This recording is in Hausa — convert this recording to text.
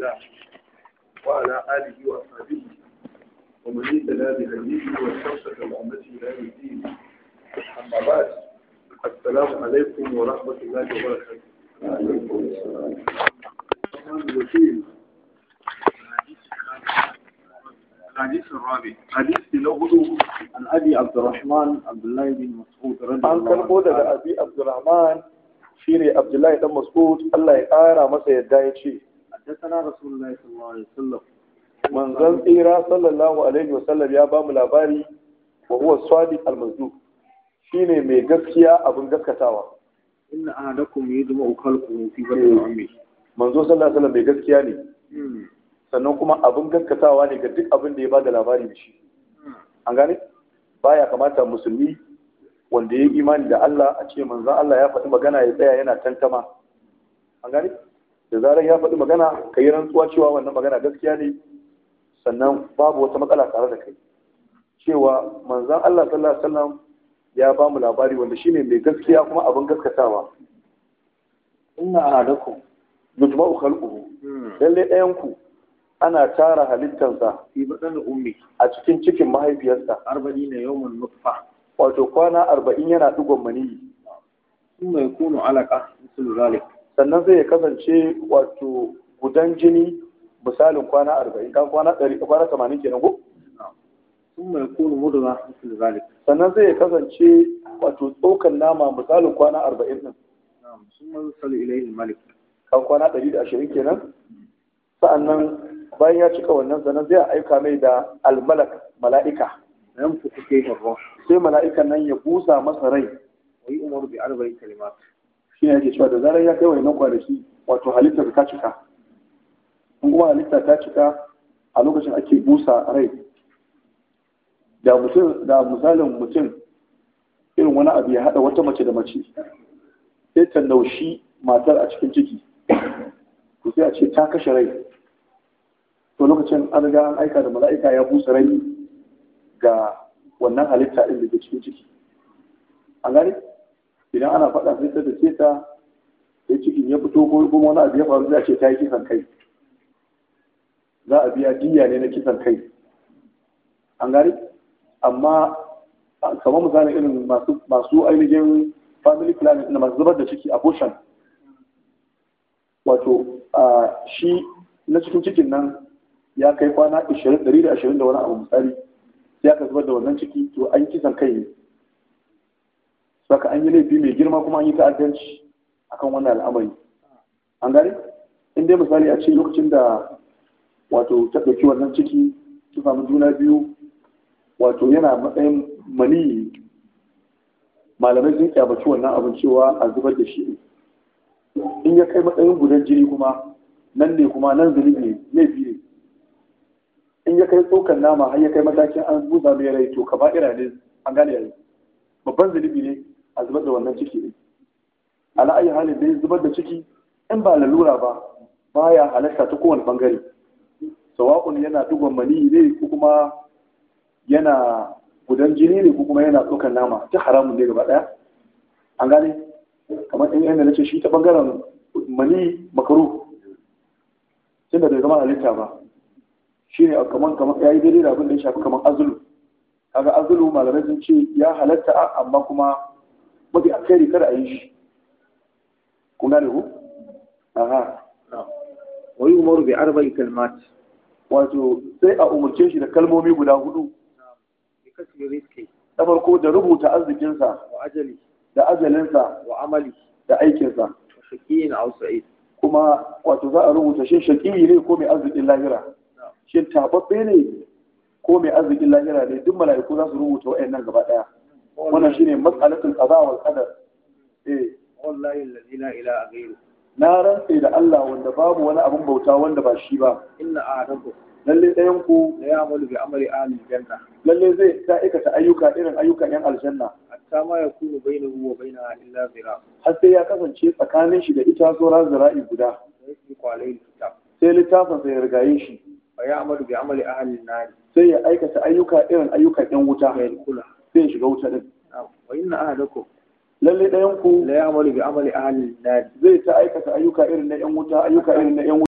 الله وعلى آله وأصحابه ومن يتلا بهديه واستوصف بأمته إلى يوم الدين أما بعد السلام عليكم ورحمة الله وبركاته الحديث الرابع حديث له عن ابي عبد الرحمن عبد الله بن مسعود رضي الله عنه عن كلمه ابي عبد الرحمن شيري عبد الله بن مسعود الله يقارى مسا يدا يشي حدثنا رسول الله صلى الله عليه وسلم من قال إيرا صلى الله عليه وسلم يا بام الأباري وهو الصادق المصدوق مي mai ابو abin ان inna يدم اوكلكم في fi batni من صلى الله عليه وسلم مي gaskiya ني sannan kuma abin gaskatawa ne ga duk abin da ya bada labari da shi an gane baya kamata musulmi wanda ya imani da Allah a ce manzon Allah ya faɗi magana ya tsaya yana tantama an gane da zarar ya faɗi magana ka yi rantsuwa cewa wannan magana gaskiya ne sannan babu wata matsala tare da kai cewa manzan Allah sallallahu alaihi wasallam ya ba mu labari wanda shine mai gaskiya kuma abin gaskatawa inna alaikum yutba'u khalquhu hmm. lalle ɗayan ku ana tara halittarsa fi badan ummi a cikin cikin mahaifiyarsa ne yawman nutfa wato kwana 40 yana digon maniyi kuma yakunu alaka misalu zalika sannan zai kasance wato gudan jini misalin kwana arba'in kan kwana ɗari kwana tamanin kenan ko sun mai kunu mudura zalik sannan zai kasance wato tsokan nama misalin kwana arba'in nan sun mai sali ilayhi malik kan kwana ɗari da ashirin kenan sa'annan bayan ya cika wannan sannan zai aika mai da almalak mala'ika sai mala'ikan nan ya busa masa rai yi umaru bi arba'in kalimatu shi ne ake cewa da zarar ya kai wayannan kwanaki wato halittar ta cika in kuma halitta ta cika a lokacin ake busa rai da mutum da misalin mutum irin wani abu ya haɗa wata mace da mace sai ta naushi matar a cikin ciki ku sai a ce ta kashe rai to lokacin an riga an aika da mala'ika ya busa rai ga wannan halitta ɗin da ke cikin ciki an gane idan ana faɗa sai ta dace ta sai cikin ya fito ko kuma wani abu ya faru za ce ta yi kisan kai za a biya diya ne na kisan kai an gari amma kamar misalin irin masu ainihin family planning na masu zubar da ciki a abortion wato shi na cikin cikin nan ya kai kwana 120 da wani abu misali ya ka zubar da wannan ciki to an kisan kai ne saka an yi laifi mai girma kuma an yi ta'addanci akan wannan al'amari an gani, in dai misali a ce lokacin da wato ta ɗauki wannan ciki ta samu juna biyu wato yana matsayin mani. malamai sun kyabaci wannan abin cewa a zubar da shi in ya kai matsayin gudan jini kuma nan ne kuma nan zunubi ne laifi ne in ya kai tsokan nama har ya kai matakin an buza mai rai to kama irane ne an gane yanzu babban zunubi ne a zubar da wannan ciki ɗin ala ayi halin dai zubar da ciki in ba lalura ba Ba ya halatta ta kowane bangare sawa'un yana dugon mani ne ko kuma yana gudan jini ne ko kuma yana tsokar nama ta haramun ne gaba ɗaya. an gane kamar in yana nace shi ta bangaren mani makaru tunda bai zama halitta ba shi ne kamar kamar ya yi daidai da abin da ya shafi kamar azulu kaga azulu malamai sun ce ya halatta amma kuma mafi akari kada a yi shi kuna da ku aha wa umaru bai arba yi kalmat wato sai a umarce shi da kalmomi guda hudu na farko da rubuta arzikinsa da ajalinsa wa amali da aikinsa shakiyin aw sa'id kuma wato za a rubuta shin shakiyi ne ko mai arzikin lahira shin tababbe ne ko mai arzikin lahira ne duk mala'iku za su rubuta wa'annan gaba ɗaya wannan shine mas'alatul qada wal qadar eh wallahi allazi la ilaha ghairu na rantse da Allah wanda babu wani abun bauta wanda ba shi ba inna a'adakum lalle ɗayan ku da ya amalu bi amali ahli janna lalle zai ta aikata ayyuka irin ayyukan yan aljanna hatta ma yakunu bainahu wa bainaha illa zira har sai ya kasance tsakanin shi da ita tsora zira'i guda sai littafin sai ya rigaye shi fa ya amalu bi amali ahli nari sai ya aikata ayyuka irin ayyukan yan wuta sai shiga wuta din wa inna ahlakum lalle ɗayan ku la ya'malu bi amali ahli an-nar zai ta aikata ayyuka irin na yan wuta ayyuka irin na yan